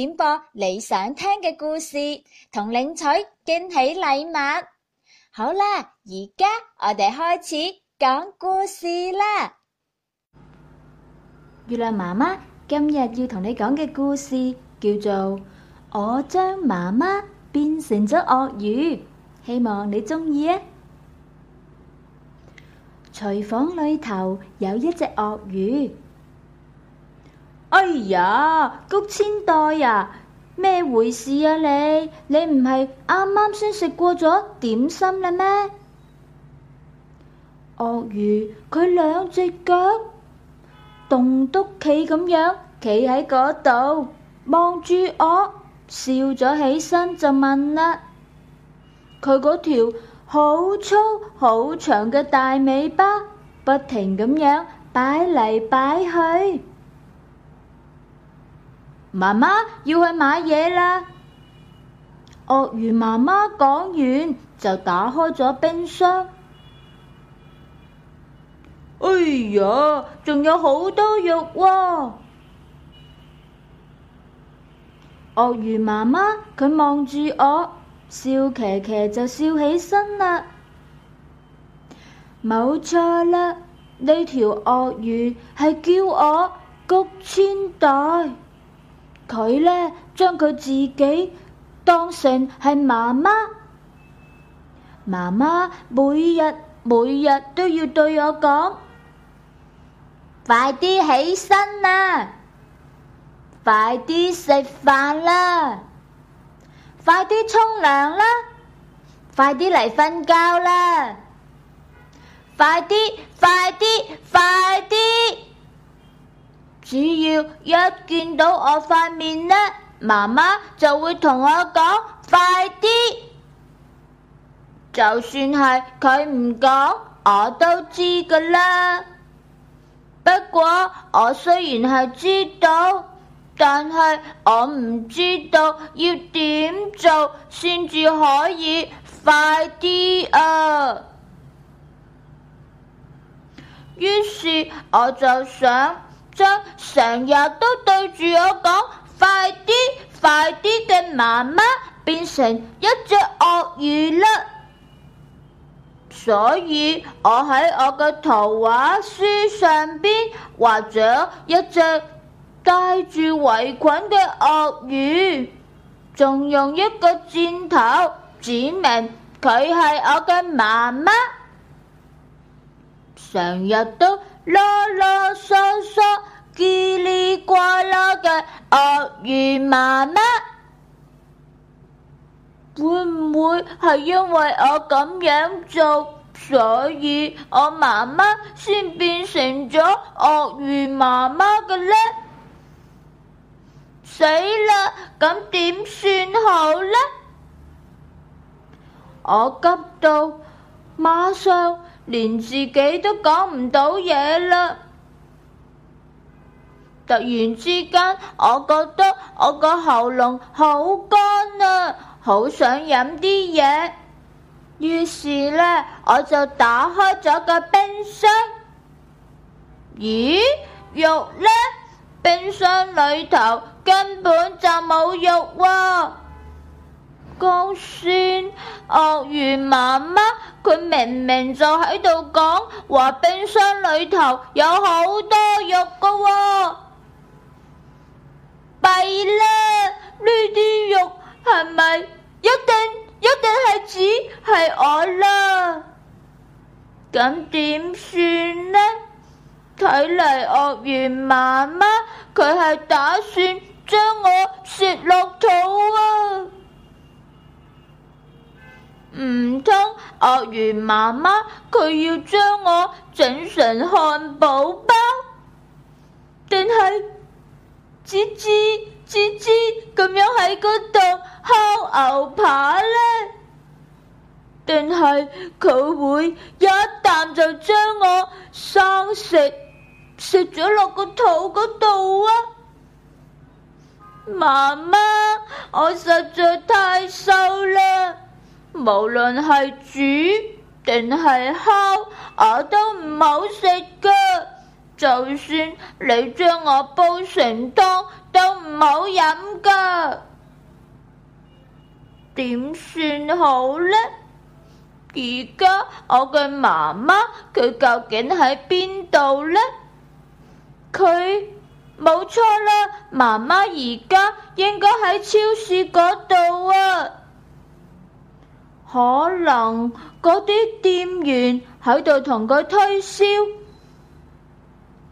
點播你想聽嘅故事，同領取驚喜禮物。好啦，而家我哋開始講故事啦。月亮媽媽今日要同你講嘅故事叫做《我將媽媽變成咗鱷魚》，希望你鍾意啊！廚房裏頭有一隻鱷魚。哎、呀，谷千代呀、啊，咩回事啊你？你你唔係啱啱先食過咗點心啦咩？鱷魚佢兩隻腳棟篤企咁樣企喺嗰度望住我笑咗起身就問啦。佢嗰條好粗好長嘅大尾巴不停咁樣擺嚟擺去。媽媽要去買嘢啦。鱷魚媽媽講完就打開咗冰箱。哎呀，仲有好多肉喎，哦！鱷魚媽媽佢望住我，笑騎騎就笑起身啦。冇錯啦，呢條鱷魚係叫我谷千代。佢呢，將佢自己當成係媽媽，媽媽每日每日都要對我講、啊：快啲起身啦，快啲食飯啦，快啲沖涼啦，快啲嚟瞓覺啦，快啲，快啲，快啲！快只要一見到我塊面呢，媽媽就會同我講快啲。就算係佢唔講，我都知噶啦。不過我雖然係知道，但係我唔知道要點做先至可以快啲啊。於是我就想。成日都對住我講，快啲快啲嘅媽媽變成一隻鱷魚啦！所以我喺我嘅圖畫書上邊，畫咗一隻戴住圍裙嘅鱷魚，仲用一個箭頭指明佢係我嘅媽媽，成日都。囉囉嗦嗦，嘰里呱啦嘅鱷魚媽媽，會唔會係因為我咁樣做，所以我媽媽先變成咗鱷魚媽媽嘅呢？死啦！咁點算好呢？我急到馬上。連自己都講唔到嘢啦！突然之間，我覺得我個喉嚨好乾啊，好想飲啲嘢。於是呢，我就打開咗個冰箱。咦？肉呢？冰箱裏頭根本就冇肉啊！就算鱷魚媽媽。佢明明就喺度講，話冰箱裏頭有好多肉噶喎，弊啦！呢啲肉係咪一定一定係指係我啦？咁點算呢？睇嚟鱷魚媽媽佢係打算將我食落肚啊！唔通鱷魚媽媽佢要將我整成漢堡包，定係吱吱吱吱咁樣喺嗰度烤牛扒呢？定係佢會一啖就將我生食食咗落個肚嗰度啊？媽媽，我實在太瘦啦！無論係煮定係烤，我都唔好食噶。就算你將我煲成湯，都唔好飲噶。點算好呢？而家我嘅媽媽佢究竟喺邊度呢？佢冇錯啦，媽媽而家應該喺超市嗰度啊。可能嗰啲店員喺度同佢推銷，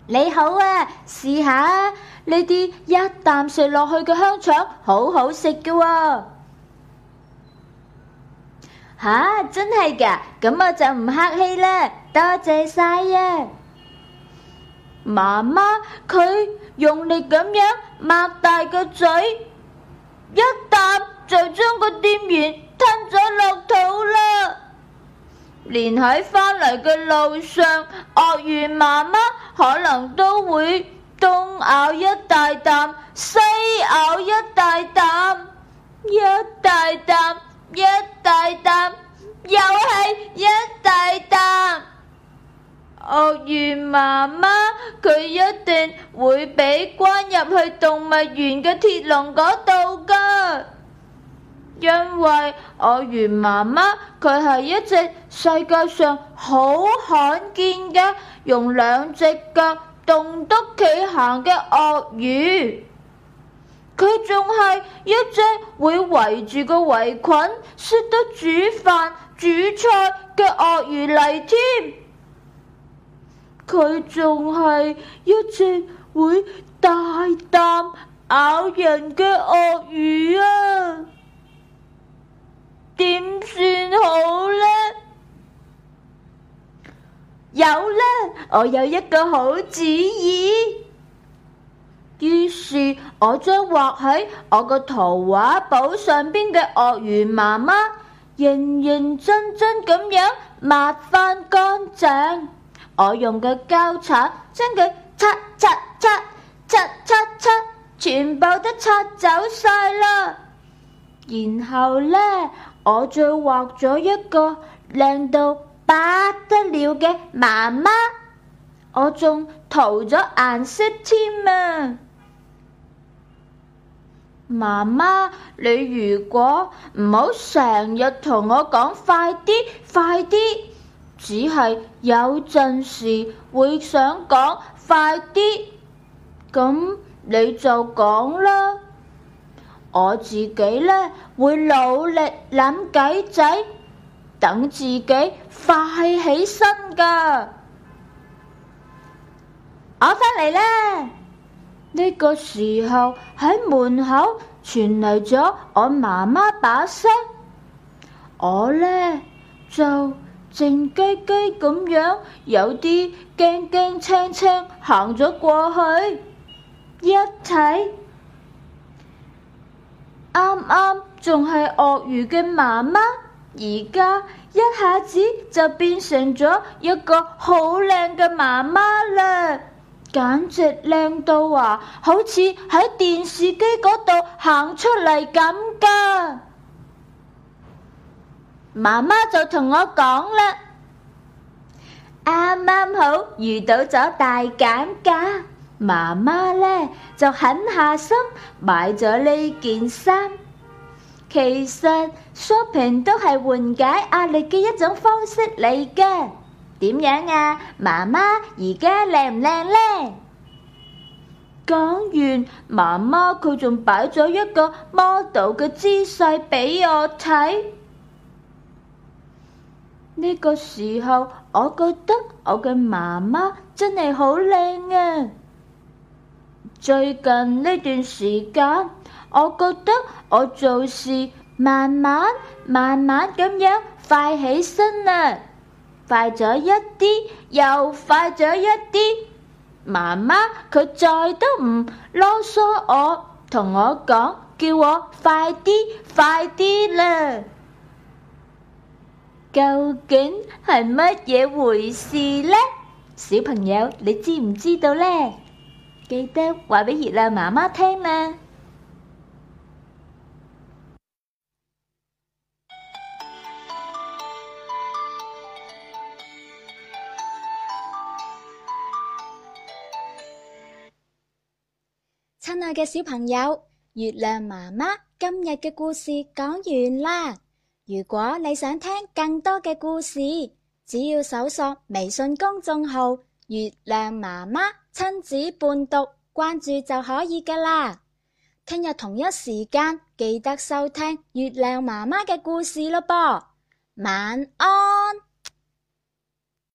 你好啊，試下啊，呢啲一啖食落去嘅香腸好好食嘅。啊、吓、啊、真係噶，咁我就唔客氣啦，多謝晒啊，媽媽佢用力咁樣擘大個嘴，一啖就將個店員。吞咗落肚啦！連喺返嚟嘅路上，鱷魚媽媽可能都會東咬一大啖，西咬一大啖，一大啖，一大啖，又係一大啖。鱷魚媽媽佢一定會俾關入去動物園嘅鐵籠嗰度噶。因為我原媽媽佢係一隻世界上好罕見嘅用兩隻腳動得企行嘅鱷魚，佢仲係一隻會圍住個圍裙、識得煮飯煮菜嘅鱷魚嚟添，佢仲係一隻會大啖咬人嘅鱷魚啊！點算好呢？有啦，我有一個好主意。於是我將畫喺我個圖畫簿上邊嘅鱷魚媽媽，認認真真咁樣抹翻乾淨。我用個膠擦將佢擦擦擦擦擦擦，全部都擦走晒啦。然後呢，我再畫咗一個靚到不得了嘅媽媽，我仲塗咗顏色添啊！媽媽，你如果唔好成日同我講快啲、快啲，只係有陣時會想講快啲，咁你就講啦。我自己呢，會努力諗計仔，等自己快起身㗎。我翻嚟啦。呢個時候喺門口傳嚟咗我媽媽把聲，我呢，就靜雞雞咁樣有啲驚驚青青，行咗過去，一睇。啱啱仲係鱷魚嘅媽媽，而家一下子就變成咗一個好靚嘅媽媽啦，簡直靚到話，好似喺電視機嗰度行出嚟咁噶。媽媽就同我講啦，啱啱好遇到咗大減價。媽媽呢，就狠下心買咗呢件衫。其實 shopping 都係緩解壓力嘅一種方式嚟嘅。點樣啊？媽媽，而家靚唔靚呢？講完，媽媽佢仲擺咗一個 model 嘅姿勢俾我睇。呢個時候，我覺得我嘅媽媽真係好靚啊！最近呢段時間，我覺得我做事慢慢慢慢咁樣快起身啦，快咗一啲，又快咗一啲。媽媽佢再都唔囉嗦我，同我講叫我快啲快啲啦。究竟係乜嘢回事呢？小朋友，你知唔知道呢？記得話俾月亮媽媽聽啦！親愛嘅小朋友，月亮媽媽今日嘅故事講完啦。如果你想聽更多嘅故事，只要搜索微信公眾號。月亮媽媽親子伴讀，關注就可以㗎喇。聽日同一時間記得收聽月亮媽媽嘅故事咯噃。晚安。